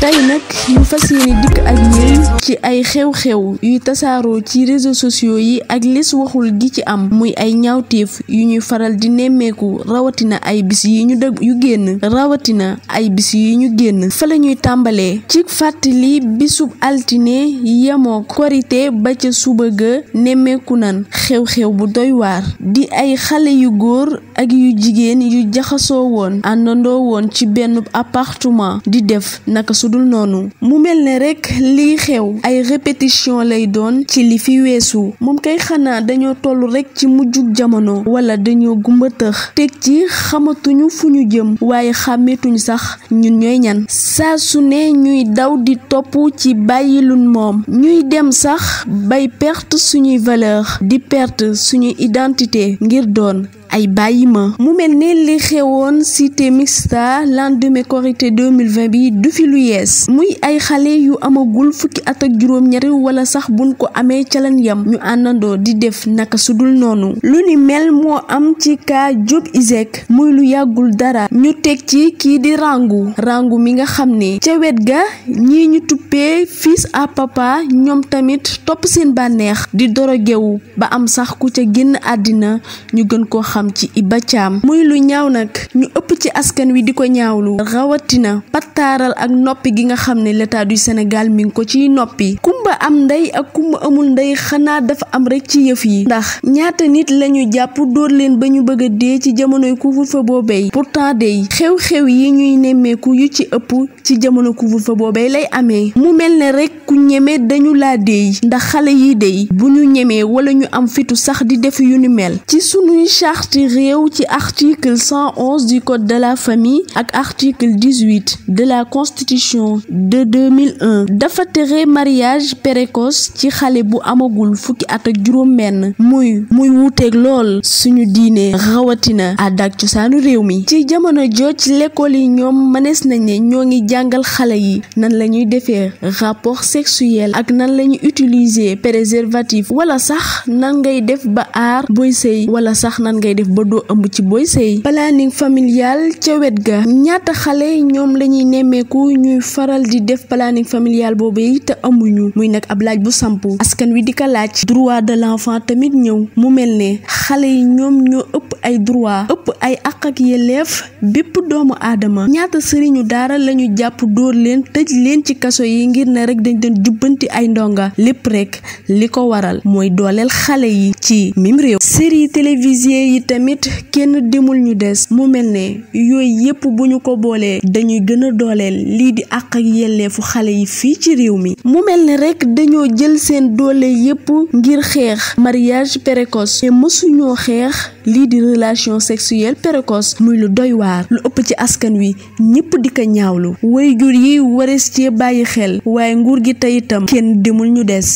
tey nag ñu fas yéene dikk ak yéen ci ay xew-xew yu tasaaroo ci réseaux sociaux yi ak les waxul gi ci am muy ay ñaawteef yu ñuy faral di nemmeeku rawatina ay bis yi ñu dëgg yu génn rawatina ay bis yi ñu génn fa ñuy tàmbalee ci fàttali bisub altine yemoo korite ba ca suba ga nemmeeku nan xew-xew bu doy waar di ay xale yu góor ak yu jigéen yu jaxasoo woon àndandoo woon ci benn appartement di def naka sudul noonu mu mel ne rek liy xew ay répétition lay doon ci li fi weesu moom koy xanaa dañoo toll rek ci mujjug jamono wala dañoo gumba tëx teg ci xamatuñu fu ñu jëm waaye xàmmetuñ sax ñu ñooy ñan saa su ne ñuy daw di topp ci bàyyilun moom ñuy dem sax bay perte suñuy valeur di perte suñuy identité ngir doon ay bàyyi ma mu mel ne li xewoon cité mixta lendemain korité 2020 bi du fi lu yees muy ay xale yu amagul fukki at ak juróom-ñaari wala sax buñ ko amee ca calan yam ñu àndandoo di def naka sudul noonu lu ni mel moo am ci kaa Diop Iseg muy lu yàggul dara ñu teg ci kii di rangu ràngu mi nga xam ne ca wet ga ñii ñu tuppee fils à papa ñoom tamit topp seen bànneex di dorogewu ba am sax ku ca génn àddina ñu gën ko xam xam ci Iba Thiam muy lu ñaaw nag ñu ëpp ci askan wi di ko ñaawlu rawatina pataaral ak noppi gi nga xam ne l'état du Sénégal mi ngi ko ciy noppi kumba am ndey ak kumba amul ndey xanaa dafa am rek ci yëf yi ndax ñaata nit lañu jàpp dóor leen ba ñu bëgg a dee ci jamonoy couvre-feu boobee pourtant dey xew-xew yi ñuy nemmeeku yu ci ëpp ci jamono couvre-feu boobee lay amee mu mel ne rek ku ñeme dañu la déy ndax xale yi déy bu ñu ñemee wala ñu am fitu sax di def yu ni mel ci sunuy charte réew ci article 111 du code de la famille ak article 18 de la constitution de 2001 dafa tere mariage précoce ci xale bu amagul fukki at ak juróom benn muy muy wuuteeg lool suñu diine rawatina àddaak cosaanu réew mi ci jamono ci lekkool yi ñoom mënees nañ ñoo ngi jàngal xale yi nan lañuy defee rapport sexuel ak nan la ñu utiliser préservatif walla sax nan ngay def ba aar booy sëy wala sax nan ngay def ba doo ëmb ci booy sëy planning familial ca wet ga ñaata xale ñoom la ñuy nemmeeku ñuy faral di def planning familial boobu te amuñu muy nag ab laaj bu samp askan wi di ko laaj droit de l'enfant tamit ñëw mu mel ne xale yi ñoom ñoo ëpp ay droit ëpp ay àq ak yelleef bépp doomu aadama ñaata sëriñu daara lañu jàpp dóor leen tëj leen ci kaso yi ngir ne rek dañ doon jubbanti ay ndongo lépp rek li ko waral mooy dooleel xale yi ci mim réew série télévisée yi tamit kenn demul ñu des mu mel ne yooyu yépp bu ñu ko boolee dañuy gën a dooleel lii di àq ak yelleefu xale yi fii ci réew mi mu mel ne rek dañoo jël seen doole yépp ngir xeex mariage précoce te mësuñoo xeex lii di relation sexuelle précoce muy lu doy waar lu ëpp ci askan wi ñëpp di ko ñaawlu waajur yi warees cee bàyyi xel waaye nguur gi tey itam kenn demul ñu des